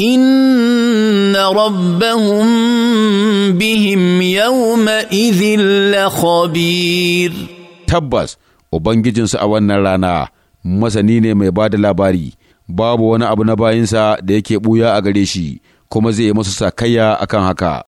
ان ربهم بهم يومئذ لخبير Tabbas ubangijinsu a wannan rana masani ne mai ba da labari babu wani abu na bayinsa da yake ɓuya a gare shi kuma zai yi musu sakayya akan haka